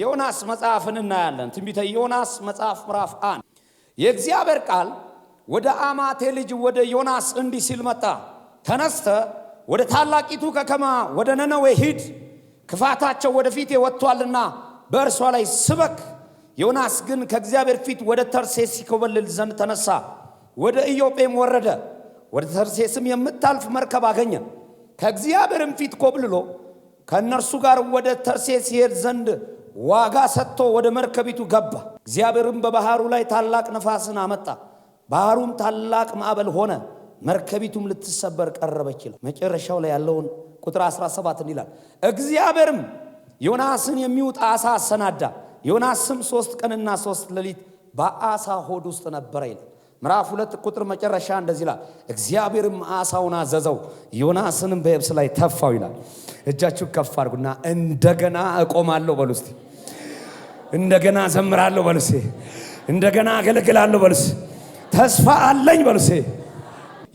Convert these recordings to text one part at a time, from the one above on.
ዮናስ መጽሐፍን እናያለን። ትንቢተ ዮናስ መጽሐፍ ምዕራፍ አንድ የእግዚአብሔር ቃል ወደ አማቴ ልጅ ወደ ዮናስ እንዲህ ሲል መጣ። ተነስተ ወደ ታላቂቱ ከተማ ወደ ነነዌ ሂድ፣ ክፋታቸው ወደ ፊቴ ወጥቷልና በእርሷ ላይ ስበክ። ዮናስ ግን ከእግዚአብሔር ፊት ወደ ተርሴስ ሲኮበልል ዘንድ ተነሳ፣ ወደ ኢዮጴም ወረደ። ወደ ተርሴስም የምታልፍ መርከብ አገኘ። ከእግዚአብሔርም ፊት ኮብልሎ ከእነርሱ ጋር ወደ ተርሴስ ሄድ ዘንድ ዋጋ ሰጥቶ ወደ መርከቢቱ ገባ። እግዚአብሔርም በባህሩ ላይ ታላቅ ነፋስን አመጣ፣ ባህሩም ታላቅ ማዕበል ሆነ፣ መርከቢቱም ልትሰበር ቀረበች ይላል። መጨረሻው ላይ ያለውን ቁጥር 17 ይላል፣ እግዚአብሔርም ዮናስን የሚውጥ አሳ አሰናዳ፣ ዮናስም ሶስት ቀንና ሶስት ሌሊት በአሳ ሆድ ውስጥ ነበረ ይላል። ምዕራፍ ሁለት ቁጥር መጨረሻ እንደዚህ ይላል፣ እግዚአብሔርም አሳውን አዘዘው ዮናስንም በየብስ ላይ ተፋው ይላል። እጃችሁ ከፍ አድርጉና እንደገና እቆማለሁ በሉ እስቲ እንደገና ዘምራለሁ በልሴ፣ እንደገና አገለግላለሁ በልሴ፣ ተስፋ አለኝ በልሴ።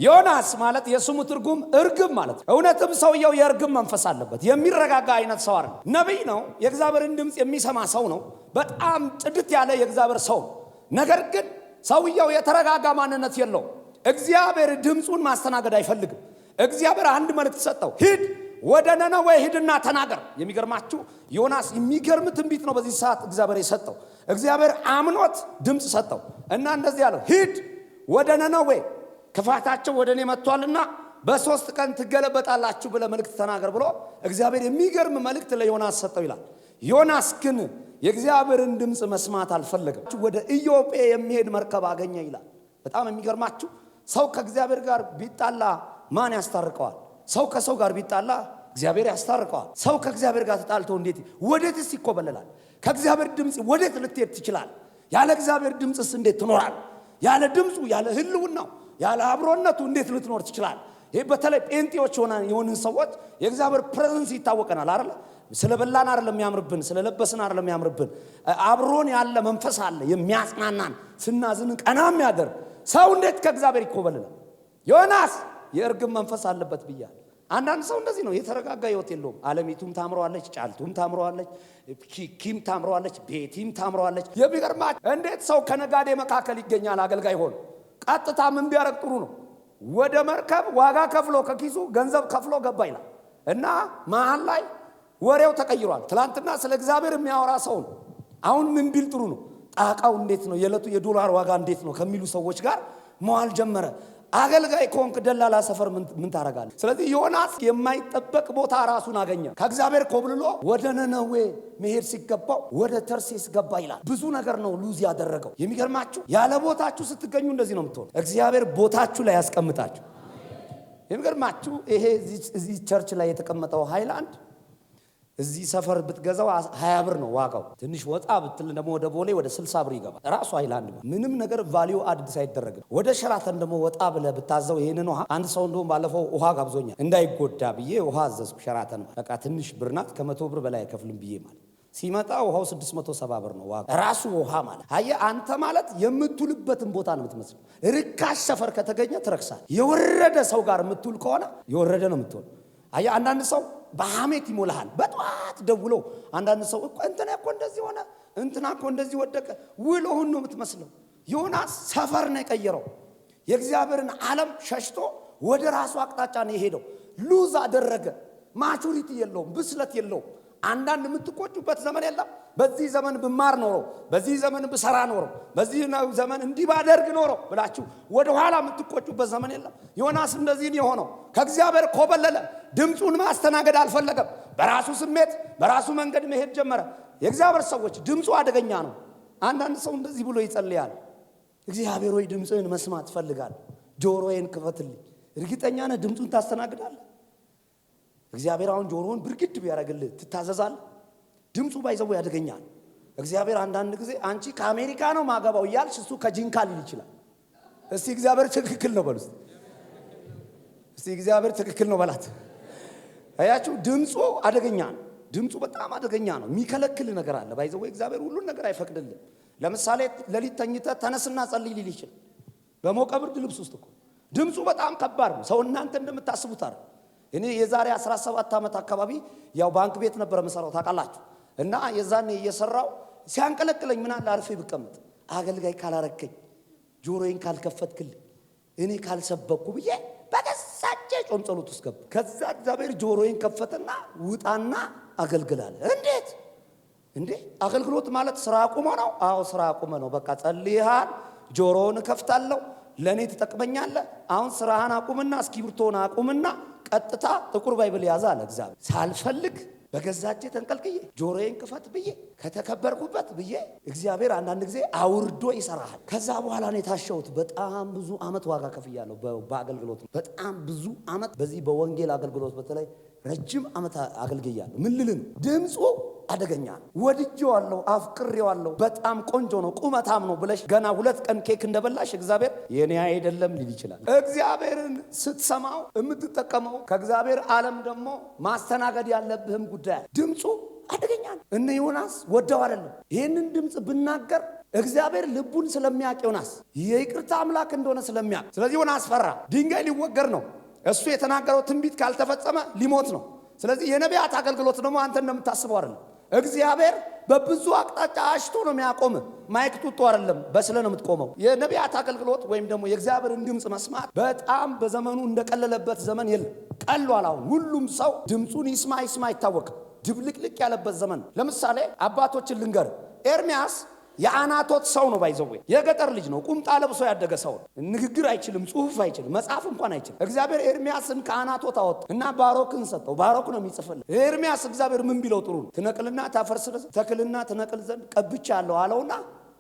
ዮናስ ማለት የስሙ ትርጉም እርግብ ማለት ነው። እውነትም ሰውየው የእርግብ መንፈስ አለበት። የሚረጋጋ አይነት ሰው አይደለም። ነቢይ ነው። የእግዚአብሔርን ድምፅ የሚሰማ ሰው ነው። በጣም ጥድት ያለ የእግዚአብሔር ሰው። ነገር ግን ሰውየው የተረጋጋ ማንነት የለው። እግዚአብሔር ድምፁን ማስተናገድ አይፈልግም። እግዚአብሔር አንድ መልእክት ሰጠው፣ ሂድ ወደ ነነዌ ሂድና ተናገር። የሚገርማችሁ ዮናስ የሚገርም ትንቢት ነው በዚህ ሰዓት እግዚአብሔር የሰጠው። እግዚአብሔር አምኖት ድምፅ ሰጠው እና እንደዚህ ያለው ሂድ ወደ ነነዌ ክፋታቸው ወደ እኔ መጥቷልና በሶስት ቀን ትገለበጣላችሁ ብለ መልእክት ተናገር ብሎ እግዚአብሔር የሚገርም መልእክት ለዮናስ ሰጠው ይላል። ዮናስ ግን የእግዚአብሔርን ድምፅ መስማት አልፈለገም። ወደ ኢዮጴ የሚሄድ መርከብ አገኘ ይላል። በጣም የሚገርማችሁ ሰው ከእግዚአብሔር ጋር ቢጣላ ማን ያስታርቀዋል? ሰው ከሰው ጋር ቢጣላ እግዚአብሔር ያስታርቀዋል። ሰው ከእግዚአብሔር ጋር ተጣልቶ እንዴት ወዴትስ ይኮበለላል? ከእግዚአብሔር ድምፅ ወዴት ልትሄድ ትችላል? ያለ እግዚአብሔር ድምፅስ እንዴት ትኖራል? ያለ ድምፁ ያለ ህልውናው ያለ አብሮነቱ እንዴት ልትኖር ትችላል? ይህ በተለይ ጴንጤዎች የሆንን ሰዎች የእግዚአብሔር ፕሬዘንስ ይታወቀናል አይደል? ስለ በላን አይደለም የሚያምርብን፣ ስለ ለበስን አይደለም የሚያምርብን። አብሮን ያለ መንፈስ አለ የሚያጽናናን፣ ስናዝን ቀና የሚያደርግ ሰው እንዴት ከእግዚአብሔር ይኮበልላል? ዮናስ የእርግም መንፈስ አለበት ብያል። አንዳንድ ሰው እንደዚህ ነው፣ የተረጋጋ ህይወት የለውም። አለሚቱም ታምረዋለች፣ ጫልቱም ታምረዋለች፣ ኪኪም ታምረዋለች፣ ቤቲም ታምረዋለች። የሚገርማችሁ እንዴት ሰው ከነጋዴ መካከል ይገኛል አገልጋይ ሆኖ። ቀጥታ ምን ቢያደርግ ጥሩ ነው? ወደ መርከብ ዋጋ ከፍሎ ከኪሱ ገንዘብ ከፍሎ ገባ ይላል እና መሀል ላይ ወሬው ተቀይሯል። ትላንትና ስለ እግዚአብሔር የሚያወራ ሰው ነው። አሁን ምን ቢል ጥሩ ነው? ጣቃው እንዴት ነው? የዕለቱ የዶላር ዋጋ እንዴት ነው? ከሚሉ ሰዎች ጋር መዋል ጀመረ። አገልጋይ ከሆንክ ደላላ ሰፈር ምን ታረጋለ? ስለዚህ ዮናስ የማይጠበቅ ቦታ ራሱን አገኘ። ከእግዚአብሔር ኮብልሎ ወደ ነነዌ መሄድ ሲገባው ወደ ተርሴስ ገባ ይላል። ብዙ ነገር ነው ሉዝ ያደረገው። የሚገርማችሁ ያለ ቦታችሁ ስትገኙ እንደዚህ ነው የምትሆኑ። እግዚአብሔር ቦታችሁ ላይ ያስቀምጣችሁ። የሚገርማችሁ ይሄ እዚህ ቸርች ላይ የተቀመጠው ሃይላንድ እዚህ ሰፈር ብትገዛው ሀያ ብር ነው ዋጋው። ትንሽ ወጣ ብትል ደግሞ ወደ ቦሌ ወደ ስልሳ ብር ይገባል። ራሱ አይላንድ ምንም ነገር ቫሊዩ አዲስ ሳይደረግ ወደ ሸራተን ደግሞ ወጣ ብለ ብታዘው ይህንን ውሃ አንድ ሰው እንደሁም ባለፈው ውሃ ጋብዞኛል። እንዳይጎዳ ብዬ ውሃ አዘዝኩ። ሸራተን በቃ ትንሽ ብር ናት፣ ከመቶ ብር በላይ አይከፍልም ብዬ ማለት ሲመጣ ውሃው 670 ብር ነው ዋጋ ራሱ ውሃ ማለት አየ አንተ ማለት የምትውልበትን ቦታ ነው የምትመስለው። ርካሽ ሰፈር ከተገኘ ትረክሳል። የወረደ ሰው ጋር የምትውል ከሆነ የወረደ ነው የምትሆን። አየ አንዳንድ ሰው በሐሜት ይሞልሃል። በጠዋት ደውሎ አንዳንድ ሰው እኮ እንትና እኮ እንደዚህ ሆነ፣ እንትና እኮ እንደዚህ ወደቀ። ውሎህን ነው የምትመስለው። ዮናስ ሰፈር ነው የቀየረው። የእግዚአብሔርን ዓለም ሸሽቶ ወደ ራሱ አቅጣጫ ነው የሄደው። ሉዝ አደረገ። ማቹሪቲ የለውም፣ ብስለት የለውም። አንዳንድ የምትቆጩበት ዘመን የለም። በዚህ ዘመን ብማር ኖሮ፣ በዚህ ዘመን ብሰራ ኖሮ፣ በዚህ ዘመን እንዲህ ባደርግ ኖሮ ብላችሁ ወደኋላ የምትቆጩበት ዘመን የለም። ዮናስ እንደዚህ የሆነው ከእግዚአብሔር ኮበለለ። ድምፁን ማስተናገድ አልፈለገም። በራሱ ስሜት በራሱ መንገድ መሄድ ጀመረ። የእግዚአብሔር ሰዎች ድምፁ አደገኛ ነው። አንዳንድ ሰው እንደዚህ ብሎ ይጸልያል። እግዚአብሔር ወይ ድምፅህን መስማት እፈልጋለሁ፣ ጆሮዬን ክፈትልኝ። እርግጠኛ ነህ ድምፁን ታስተናግዳለህ? እግዚአብሔር አሁን ጆሮውን ብርግድ ቢያደርግልህ ትታዘዛል። ድምፁ ባይዘቡ ያደገኛል። እግዚአብሔር አንዳንድ ጊዜ አንቺ ከአሜሪካ ነው ማገባው እያልሽ እሱ ከጂንካ ሊል ይችላል። እስቲ እግዚአብሔር ትክክል ነው በሉስ። እስቲ እግዚአብሔር ትክክል ነው በላት። አያችሁ፣ ድምፁ አደገኛ ነው። ድምፁ በጣም አደገኛ ነው። የሚከለክል ነገር አለ። ባይዘ እግዚአብሔር ሁሉን ነገር አይፈቅድልም። ለምሳሌ ለሊት ተኝተ ተነስና ጸልይ ሊል ይችላል። በሞቀ ብርድ ልብስ ውስጥ እኮ ድምፁ በጣም ከባድ ነው። ሰው እናንተ እንደምታስቡት አይደል እኔ የዛሬ 17 ዓመት አካባቢ ያው ባንክ ቤት ነበረ የምሰራው ታውቃላችሁ። እና የዛኔ እየሰራው ሲያንቀለቅለኝ ምን አለ አርፌ ብቀመጥ አገልጋይ ካላረከኝ፣ ጆሮዬን ካልከፈትክልኝ፣ እኔ ካልሰበኩ ብዬ በገሳጨ ጾም ጸሎት ውስጥ ገባ። ከዛ እግዚአብሔር ጆሮዬን ከፈትና ውጣና አገልግላለ። እንዴት እንዴ አገልግሎት ማለት ስራ አቁመ ነው? አዎ ስራ አቁመ ነው። በቃ ጸልይሃል፣ ጆሮውን እከፍታለሁ፣ ለእኔ ትጠቅመኛለ አሁን ስራህን አቁምና እስኪብርቶን አቁምና ቀጥታ ጥቁር ባይብል ያዘ አለ እግዚአብሔር። ሳልፈልግ በገዛ እጄ ተንቀልቅዬ ጆሮዬን ክፈት ብዬ ከተከበርኩበት ብዬ እግዚአብሔር አንዳንድ ጊዜ አውርዶ ይሰራሃል። ከዛ በኋላ ነው የታሸሁት። በጣም ብዙ ዓመት ዋጋ ከፍያለሁ በአገልግሎት በጣም ብዙ ዓመት በዚህ በወንጌል አገልግሎት በተለይ ረጅም ዓመት አገልግያለሁ። ምን ልል ነው ድምፁ አደገኛ ነው። ወድጄዋለሁ፣ አፍቅሬዋለሁ፣ በጣም ቆንጆ ነው፣ ቁመታም ነው ብለሽ ገና ሁለት ቀን ኬክ እንደበላሽ እግዚአብሔር የኔ አይደለም ሊል ይችላል። እግዚአብሔርን ስትሰማው የምትጠቀመው ከእግዚአብሔር ዓለም ደግሞ ማስተናገድ ያለብህም ጉዳይ ድምፁ አደገኛ ነው። እነ ዮናስ ወደው አይደለም ይህንን ድምፅ ብናገር እግዚአብሔር ልቡን ስለሚያውቅ ዮናስ የይቅርታ አምላክ እንደሆነ ስለሚያውቅ፣ ስለዚህ ዮናስ ፈራ። ድንጋይ ሊወገር ነው። እሱ የተናገረው ትንቢት ካልተፈጸመ ሊሞት ነው። ስለዚህ የነቢያት አገልግሎት ደግሞ አንተ እንደምታስበው አይደለም። እግዚአብሔር በብዙ አቅጣጫ አሽቶ ነው የሚያቆም። ማይክ ጡጦ አይደለም፣ በስለ ነው የምትቆመው። የነቢያት አገልግሎት ወይም ደግሞ የእግዚአብሔርን ድምፅ መስማት በጣም በዘመኑ እንደቀለለበት ዘመን የለም። ቀሏል። አሁን ሁሉም ሰው ድምፁን ይስማ ይስማ ይታወቅ፣ ድብልቅልቅ ያለበት ዘመን። ለምሳሌ አባቶችን ልንገር ኤርሚያስ የአናቶት ሰው ነው። ባይዘዌ የገጠር ልጅ ነው። ቁምጣ ለብሶ ያደገ ሰው ነው። ንግግር አይችልም፣ ጽሁፍ አይችልም፣ መጽሐፍ እንኳን አይችልም። እግዚአብሔር ኤርሚያስን ከአናቶት አወጣ እና ባሮክን ሰጠው። ባሮክ ነው የሚጽፍልን። ኤርሚያስ እግዚአብሔር ምን ቢለው ጥሩ ነው? ትነቅልና ታፈርስ ዘንድ ተክልና ትነቅል ዘንድ ቀብቻ አለው አለውና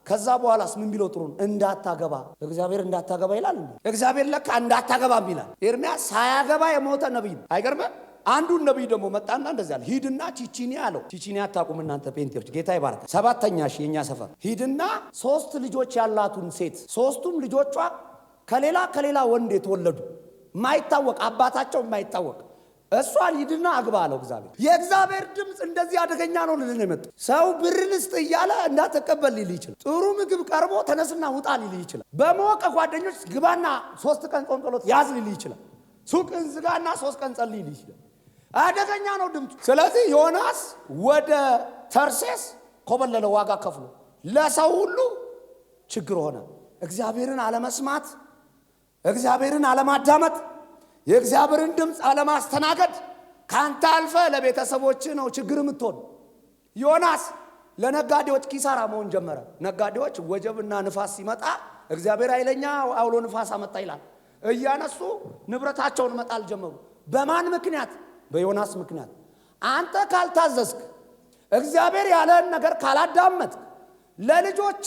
ከዛ በኋላስ ምን ቢለው ጥሩ ነው? እንዳታገባ እግዚአብሔር እንዳታገባ ይላል። እግዚአብሔር ለካ እንዳታገባም ይላል። ኤርሚያስ ሳያገባ የሞተ ነቢይ ነው። አይገርምም? አንዱን ነቢይ ደግሞ መጣና እንደዚህ ያለ ሂድና ቺቺኒያ አለው። ቺቺኒያ አታቁም እናንተ ጴንጤዎች፣ ጌታ ይባረከ። ሰባተኛ ሺ የኛ ሰፈር ሂድና ሶስት ልጆች ያላቱን ሴት ሶስቱም ልጆቿ ከሌላ ከሌላ ወንድ የተወለዱ የማይታወቅ አባታቸው የማይታወቅ እሷን ሂድና አግባ አለው እግዚአብሔር። የእግዚአብሔር ድምፅ እንደዚህ አደገኛ ነው ልልን የመጡ ሰው ብር ልስጥ እያለ እንዳትቀበል ሊል ይችላል። ጥሩ ምግብ ቀርቦ ተነስና ውጣ ሊል ይችላል። በመወቀ ጓደኞች ግባና ሶስት ቀን ጾም ጸሎት ያዝ ሊል ይችላል። ሱቅ እንዝጋና ሶስት ቀን ጸልይ ሊል ይችላል። አደገኛ ነው ድምፁ። ስለዚህ ዮናስ ወደ ተርሴስ ኮበለለ፣ ዋጋ ከፍሎ ለሰው ሁሉ ችግር ሆነ። እግዚአብሔርን አለመስማት፣ እግዚአብሔርን አለማዳመጥ፣ የእግዚአብሔርን ድምፅ አለማስተናገድ ከአንተ አልፈ ለቤተሰቦች ነው ችግር የምትሆን። ዮናስ ለነጋዴዎች ኪሳራ መሆን ጀመረ። ነጋዴዎች ወጀብና ንፋስ ሲመጣ እግዚአብሔር ኃይለኛ አውሎ ንፋስ አመጣ ይላል። እያነሱ ንብረታቸውን መጣል ጀመሩ። በማን ምክንያት? በዮናስ ምክንያት አንተ ካልታዘዝክ እግዚአብሔር ያለህን ነገር ካላዳመጥክ ለልጆች፣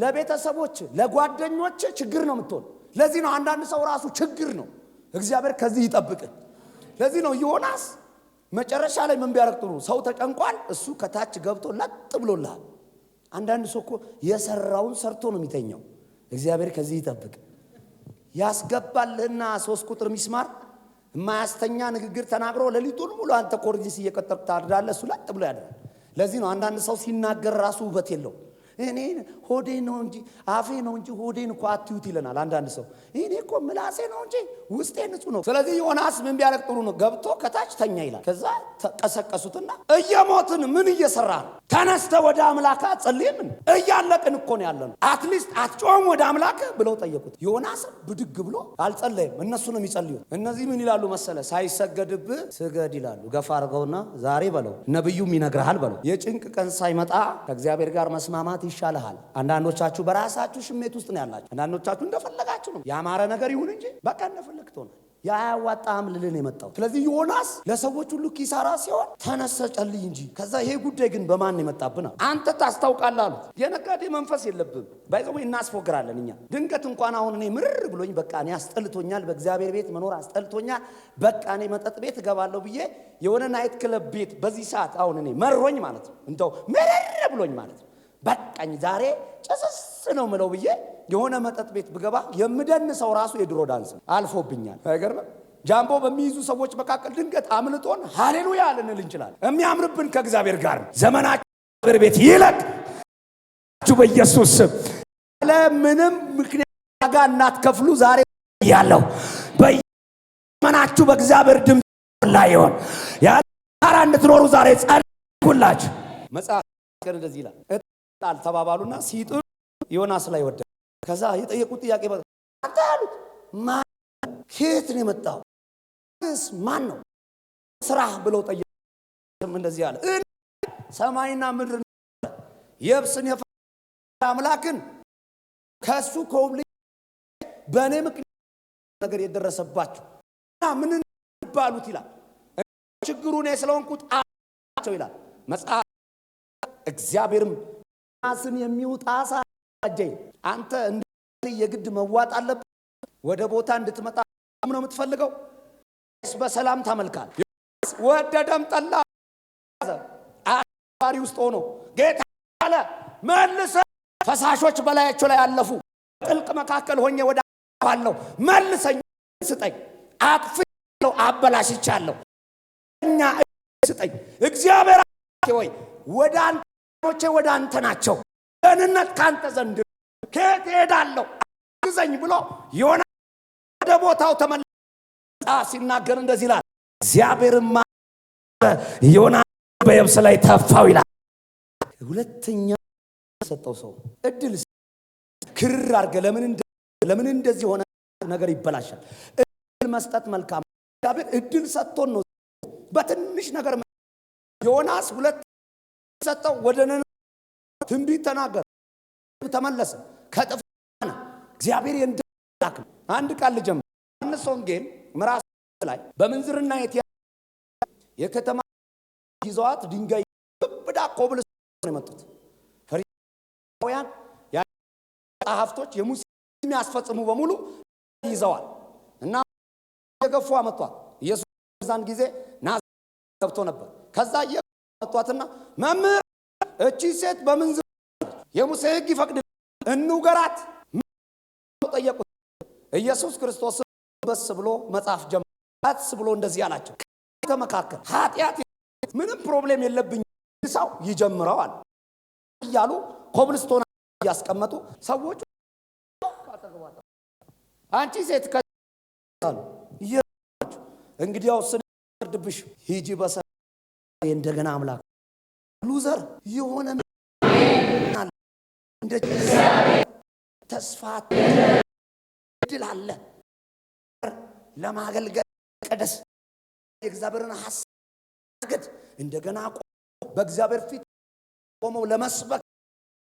ለቤተሰቦች፣ ለጓደኞች ችግር ነው የምትሆን። ለዚህ ነው አንዳንድ ሰው ራሱ ችግር ነው። እግዚአብሔር ከዚህ ይጠብቅ ለዚህ ነው ዮናስ መጨረሻ ላይ ምን ቢያደርግ ጥሩ? ሰው ተጨንቋል፣ እሱ ከታች ገብቶ ለጥ ብሎልሃል። አንዳንድ ሰው እኮ የሰራውን ሰርቶ ነው የሚተኘው። እግዚአብሔር ከዚህ ይጠብቅ። ያስገባልህና ሶስት ቁጥር ሚስማር የማያስተኛ ንግግር ተናግሮ ሌሊቱን ሙሉ አንተ ኮርጂስ እየቀጠርክ ታድራለህ። እሱ ላጥ ብሎ ያድራል። ለዚህ ነው አንዳንድ ሰው ሲናገር ራሱ ውበት የለው እኔ ሆዴ ነው እንጂ አፌ ነው እንጂ ሆዴን እኮ አትዩት ይለናል አንዳንድ ሰው። እኔ እኮ ምላሴ ነው እንጂ ውስጤ ንጹህ ነው። ስለዚህ ዮናስ ምን ቢያደርግ ጥሩ ነው? ገብቶ ከታች ተኛ ይላል። ከዛ ተቀሰቀሱትና እየሞትን ምን እየሰራ ነው? ተነስተ ወደ አምላክ አትጸልይም? እያለቅን እኮ ነው ያለ ነው። አትሊስት አትጮም ወደ አምላክ ብለው ጠየቁት። ዮናስ ብድግ ብሎ አልጸለይም። እነሱ ነው የሚጸልዩት። እነዚህ ምን ይላሉ መሰለ? ሳይሰገድብህ ስገድ ይላሉ። ገፋ አርገውና ዛሬ በለው ነብዩም ይነግርሃል በለው የጭንቅ ቀን ሳይመጣ ከእግዚአብሔር ጋር መስማማት ማጥፋት ይሻልሃል። አንዳንዶቻችሁ በራሳችሁ ሽሜት ውስጥ ነው ያላችሁ። አንዳንዶቻችሁ እንደፈለጋችሁ ነው። ያማረ ነገር ይሁን እንጂ በቃ እንደፈለግ ትሆናል። የአያዋጣም ልልን የመጣው ስለዚህ ዮናስ ለሰዎች ሁሉ ኪሳራ ሲሆን ተነሰ ጨልይ እንጂ ከዛ ይሄ ጉዳይ ግን በማን የመጣብን አንተ ታስታውቃለህ አሉት። የነጋዴ መንፈስ የለብም ባይዘው እናስፎግራለን እኛ ድንገት እንኳን አሁን እኔ ምርር ብሎኝ በቃ እኔ አስጠልቶኛል፣ በእግዚአብሔር ቤት መኖር አስጠልቶኛል፣ በቃ እኔ መጠጥ ቤት እገባለሁ ብዬ የሆነ ናይት ክለብ ቤት በዚህ ሰዓት አሁን እኔ መሮኝ ማለት ነው እንደው ምርር ብሎኝ ማለት ነው በቃኝ ዛሬ ጭስስ ነው ምለው ብዬ የሆነ መጠጥ ቤት ብገባ የምደንሰው ራሱ የድሮ ዳንስ ነው። አልፎብኛል። አይገርምም? ጃምቦ በሚይዙ ሰዎች መካከል ድንገት አምልጦን ሃሌሉያ ልንል እንችላለን። የሚያምርብን ከእግዚአብሔር ጋር ነው። ዘመናችሁ እግዚአብሔር ቤት ይለቅ በኢየሱስ ስም ምንም ምክንያት ዋጋ እናትከፍሉ ዛሬ ያለው በዘመናችሁ በእግዚአብሔር ድምፅ ላይ ይሆን ያለ እንድትኖሩ ዛሬ ጸልኩላችሁ። መጽሐፍ እንደዚህ ይላል ጣል ተባባሉና ሲጥሉ ዮናስ ላይ ወደ ከዛ የጠየቁት ጥያቄ አንተ ያሉት ከየት ነው የመጣው? ማን ነው ስራህ ብለው ጠየቁ። እንደዚህ አለ ሰማይና ምድር የብስን የፈ አምላክን ከእሱ ከውም በእኔ ምክንያት ነገር እና ምን ባሉት ይላል ችግሩ እኔ ስለሆንኩት አቸው ይላል መጽሐፍ እግዚአብሔርም ራስን የሚውጥ አሳ አዘጋጀኝ። አንተ እንደ የግድ መዋጥ አለበት። ወደ ቦታ እንድትመጣ ነው የምትፈልገው? ስ በሰላም ታመልካል። ወደደም ጠላ አባሪ ውስጥ ሆኖ ጌታ አለ መልሰ ፈሳሾች በላያቸው ላይ አለፉ። ጥልቅ መካከል ሆኜ ወደ አለው መልሰኝ ስጠኝ። አጥፍቻለሁ፣ አበላሽቻለሁ፣ እኛ ስጠኝ። እግዚአብሔር ወይ ወደ አንተ ቼ ወደ አንተ ናቸው። ደህንነት ከአንተ ዘንድ ከየት እሄዳለሁ? አግዘኝ ብሎ የሆነ ወደ ቦታው ተመለሰ። ሲናገር እንደዚህ ይላል፣ እግዚአብሔርማ ዮና በየብስ ላይ ተፋው ይላል። ሁለተኛ ሰጠው ሰው እድል ክር አርገ ለምን እንደዚህ የሆነ ነገር ይበላሻል? እድል መስጠት መልካም። እግዚአብሔር እድል ሰጥቶን ነው በትንሽ ነገር ዮናስ ሁለት ሰጠው ወደ ነነ ትንቢት ተናገረ፣ ተመለሰ። ከጥፍ እግዚአብሔር የእንደ አንድ ቃል ልጀምር። ዮሐንስ ወንጌል ምዕራፍ ላይ በምንዝርና የት የከተማ ይዘዋት ድንጋይ ብብዳ ኮብል ነው የመጡት ፈሪሳውያን ጸሐፍቶች የሙሴ የሚያስፈጽሙ በሙሉ ይዘዋል እና የገፉ አመጧል። ኢየሱስ ዛን ጊዜ ናዝሬት ገብቶ ነበር። ከዛ አቷትና መምህር እቺ ሴት በምን የሙሴ ህግ ይፈቅድ እንውገራት ጠየቁት። ኢየሱስ ክርስቶስ በስ ብሎ መጽሐፍ ጀመስ ብሎ እንደዚህ አላቸው። ተመካከል ኃጢአት ምንም ፕሮብሌም የለብኝ ሰው ይጀምረዋል እያሉ ኮብልስቶን እያስቀመጡ ሰዎች አንቺ ሴት ከ እንግዲያው ስድብሽ ሂጂ በሰ እንደገና አምላክ ሉዘር የሆነ እንደ ተስፋ እድል አለ ለማገልገል ቀደስ የእግዚአብሔርን ሀሳብ እንደገና በእግዚአብሔር ፊት ቆመው ለመስበክ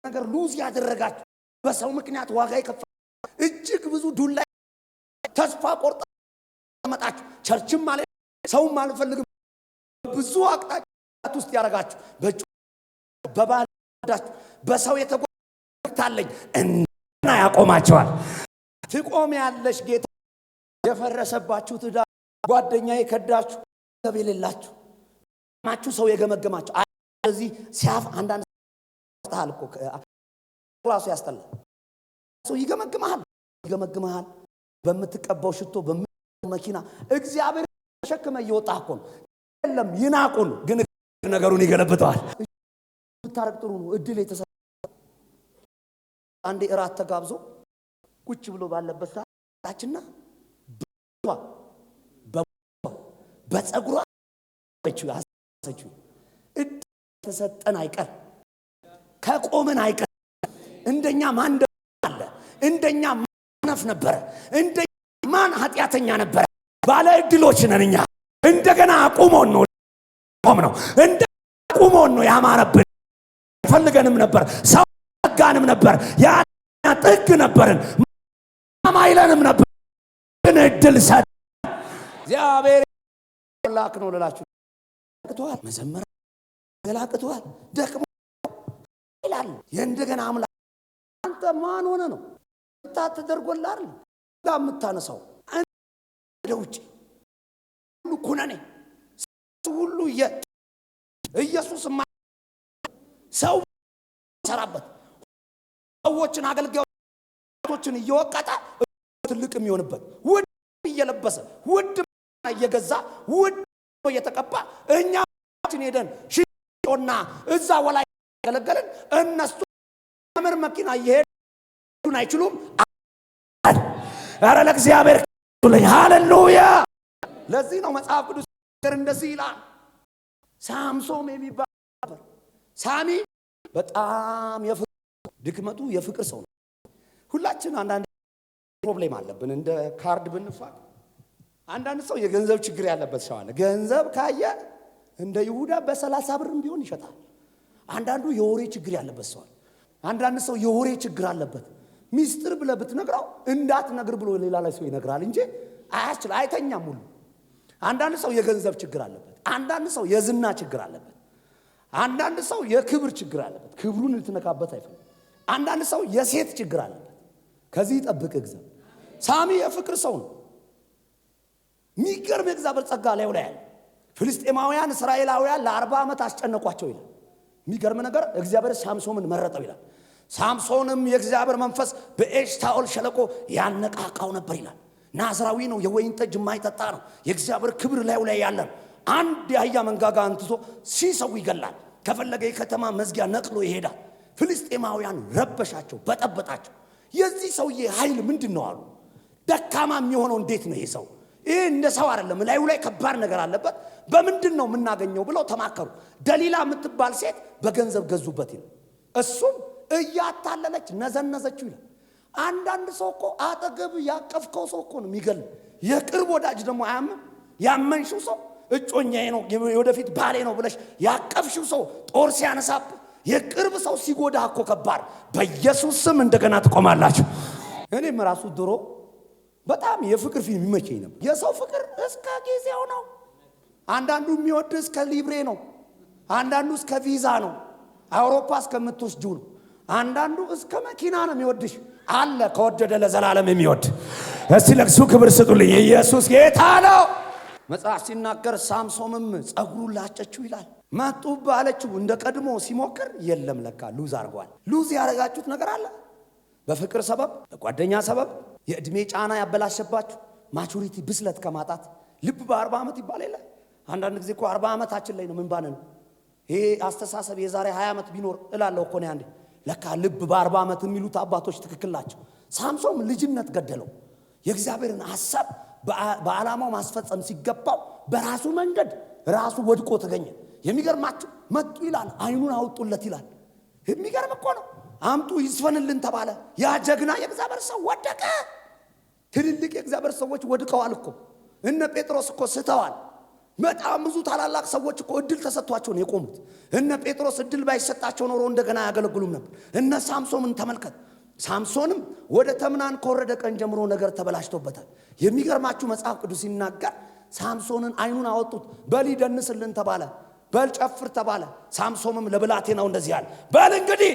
ነገር ሉዝ ያደረጋችሁ በሰው ምክንያት ዋጋ ይከፈ እጅግ ብዙ ዱላ ተስፋ ቆርጣ መጣችሁ። ቸርችም ማለት ሰውም አልፈልግም ብዙ አቅጣጫት ውስጥ ያደረጋችሁ በጩ በባል በሰው የተጎታለኝ እና ያቆማቸዋል። ትቆም ያለሽ ጌታ የፈረሰባችሁ ትዳ ጓደኛ የከዳችሁ ሰብ የሌላችሁ ማችሁ ሰው የገመገማችሁ ስለዚህ ሲያፍ አንዳንድ ያስጠሃል እኮ ራሱ ያስጠላል። ሰው ይገመግመሃል ይገመግመሃል በምትቀባው ሽቶ በምትቀባው መኪና እግዚአብሔር ተሸክመ እየወጣ እኮ ነው። የለም ይናቁን፣ ግን ነገሩን ይገለብጠዋል። ብታረቅ ጥሩ ነው። እድል የተሰ አንዴ እራት ተጋብዞ ቁጭ ብሎ ባለበት ሰዓታችና በፀጉሯ አሰችው። እድል ተሰጠን አይቀር ከቆምን አይቀር እንደኛ ማን አለ? እንደኛ ማነፍ ነበረ? እንደኛ ማን ኃጢአተኛ ነበረ? ባለ እድሎች ነን እኛ። እንደገና አቁሞን ነው ቆም ነው እንደ አቁሞን ነው ያማረብን። ፈልገንም ነበር ሰው ጋንም ነበር ያ ጥግ ነበርን ማይለንም ነበር ግን እድል ሰጥ እግዚአብሔር ላክ ነው ልላችሁ አቅቷል። መዘመር ገላቅቷል ደክሞ ይላል። የእንደገና አምላክ አንተ ማን ሆነ ነው ታ ተደርጎልሃል ጋር የምታነሳው ወደ ውጭ ሁሉ ኩነኔ ሁሉ ኢየሱስ ሰው ሰራበት ሰዎችን አገልጋዮችን እየወቀጠ ትልቅ የሚሆንበት ውድ እየለበሰ ውድ እየገዛ ውድ እየተቀባ እኛ ሄደን ሽጮና እዛ ወላይ ያገለገልን እነሱ ምር መኪና እየሄዱን አይችሉም። ለእግዚአብሔር ሃሌሉያ ለዚህ ነው መጽሐፍ ቅዱስ እንደዚህ ይላል። ሳምሶም የሚባል ነበር። ሳሚ በጣም የፍቅር ድክመቱ የፍቅር ሰው ነው። ሁላችን አንዳንድ ፕሮብሌም አለብን። እንደ ካርድ ብንፋቅ አንዳንድ ሰው የገንዘብ ችግር ያለበት ሰው አለ። ገንዘብ ካየ እንደ ይሁዳ በሰላሳ ብርም ቢሆን ይሸጣል። አንዳንዱ የወሬ ችግር ያለበት ሰው አንዳንድ ሰው የወሬ ችግር አለበት። ሚስጥር ብለህ ብትነግረው ነግር ብሎ ሌላ ላይ ሰው ይነግራል እንጂ አያስችል አይተኛም ሁሉ አንዳንድ ሰው የገንዘብ ችግር አለበት። አንዳንድ ሰው የዝና ችግር አለበት። አንዳንድ ሰው የክብር ችግር አለበት። ክብሩን ልትነካበት አይፈልግም። አንዳንድ ሰው የሴት ችግር አለበት። ከዚህ ይጠብቅ እግዚአብሔር። ሳሚ የፍቅር ሰው ነው። የሚገርም የእግዚአብሔር ጸጋ ላይ ያለ። ፍልስጤማውያን እስራኤላውያን ለአርባ ዓመት አስጨነቋቸው ይላል። የሚገርም ነገር እግዚአብሔር ሳምሶምን መረጠው ይላል። ሳምሶንም የእግዚአብሔር መንፈስ በኤሽታኦል ሸለቆ ያነቃቃው ነበር ይላል። ናዝራዊ ነው፣ የወይን ጠጅ የማይጠጣ ነው። የእግዚአብሔር ክብር ላዩ ላይ ያለ ነው። አንድ የአህያ መንጋጋ አንትቶ ሲሰው ይገላል። ከፈለገ የከተማ መዝጊያ ነቅሎ ይሄዳል። ፍልስጤማውያን ረበሻቸው፣ በጠበጣቸው። የዚህ ሰውዬ ኃይል ምንድን ነው አሉ። ደካማ የሚሆነው እንዴት ነው ይሄ ሰው? ይህ እንደ ሰው አይደለም፣ ላዩ ላይ ከባድ ነገር አለበት። በምንድን ነው የምናገኘው ብለው ተማከሩ። ደሊላ የምትባል ሴት በገንዘብ ገዙበት ይላል። እሱም እያታለለች ነዘነዘችው ይላል አንዳንድ ሰው እኮ አጠገብ ያቀፍከው ሰው እኮ ነው የሚገል። የቅርብ ወዳጅ ደግሞ አያምም። ያመንሽው ሰው እጮኛዬ ነው ወደፊት ባሌ ነው ብለሽ ያቀፍሽው ሰው ጦር ሲያነሳብ፣ የቅርብ ሰው ሲጎዳ እኮ ከባድ። በኢየሱስ ስም እንደገና ትቆማላችሁ። እኔም ራሱ ድሮ በጣም የፍቅር ፊልም ይመቸኝ ነው። የሰው ፍቅር እስከ ጊዜው ነው። አንዳንዱ የሚወድ እስከ ሊብሬ ነው። አንዳንዱ እስከ ቪዛ ነው። አውሮፓ እስከምትወስጂው ነው። አንዳንዱ እስከ መኪና ነው የሚወድሽ አለ። ከወደደ ለዘላለም የሚወድ እስቲ ለእሱ ክብር ስጡልኝ። ኢየሱስ ጌታ ነው። መጽሐፍ ሲናገር ሳምሶምም ጸጉሩን ላጨችው ይላል። መጡ ባለችው እንደ ቀድሞ ሲሞክር የለም፣ ለካ ሉዝ አድርጓል። ሉዝ ያደረጋችሁት ነገር አለ። በፍቅር ሰበብ፣ በጓደኛ ሰበብ የእድሜ ጫና ያበላሸባችሁ ማቹሪቲ፣ ብስለት ከማጣት ልብ በአርባ ዓመት ይባል የለ አንዳንድ ጊዜ እኮ አርባ ዓመታችን ላይ ነው። ምን ነው ይሄ አስተሳሰብ የዛሬ ሀያ ዓመት ቢኖር እላለሁ እኮ እኔ አንዴ ለካ ልብ በአርባ ዓመት የሚሉት አባቶች ትክክል ናቸው። ሳምሶን ልጅነት ገደለው። የእግዚአብሔርን ሐሳብ በዓላማው ማስፈጸም ሲገባው በራሱ መንገድ ራሱ ወድቆ ተገኘ። የሚገርማችሁ መጡ ይላል፣ አይኑን አውጡለት ይላል። የሚገርም እኮ ነው። አምጡ ይስፈንልን ተባለ። ያ ጀግና የእግዚአብሔር ሰው ወደቀ። ትልልቅ የእግዚአብሔር ሰዎች ወድቀዋል እኮ እነ ጴጥሮስ እኮ ስተዋል። በጣም ብዙ ታላላቅ ሰዎች እኮ እድል ተሰጥቷቸው ነው የቆሙት። እነ ጴጥሮስ እድል ባይሰጣቸው ኖሮ እንደገና አያገለግሉም ነበር። እነ ሳምሶንን ተመልከት። ሳምሶንም ወደ ተምናን ከወረደ ቀን ጀምሮ ነገር ተበላሽቶበታል። የሚገርማችሁ መጽሐፍ ቅዱስ ሲናገር ሳምሶንን አይኑን አወጡት። በል ይደንስልን ተባለ፣ በል ጨፍር ተባለ። ሳምሶንም ለብላቴናው እንደዚህ አለ፣ በል እንግዲህ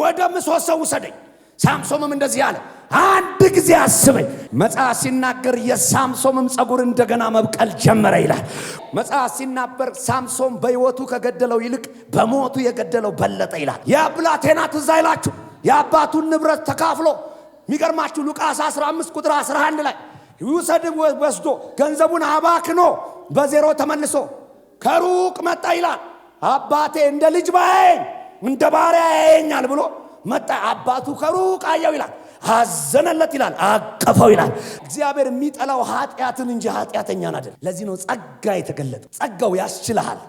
ወደ ምሰሶው ውሰደኝ ሳምሶምም እንደዚህ አለ፣ አንድ ጊዜ አስበኝ። መጽሐፍ ሲናገር የሳምሶምም ጸጉር እንደገና መብቀል ጀመረ ይላል። መጽሐፍ ሲናበር ሳምሶም በሕይወቱ ከገደለው ይልቅ በሞቱ የገደለው በለጠ ይላል። የብላቴና ትዝ አይላችሁ? የአባቱን ንብረት ተካፍሎ የሚገርማችሁ ሉቃስ 15 ቁጥር 11 ላይ ይውሰድ ወስዶ ገንዘቡን አባክኖ በዜሮ ተመልሶ ከሩቅ መጣ ይላል። አባቴ እንደ ልጅ ባያየኝ እንደ ባሪያ ያየኛል ብሎ መጣ። አባቱ ከሩቅ አየው ይላል፣ አዘነለት ይላል፣ አቀፈው ይላል። እግዚአብሔር የሚጠላው ኃጢአትን እንጂ ኃጢአተኛን አይደለም። ለዚህ ነው ጸጋ የተገለጠ። ጸጋው ያስችልሃል።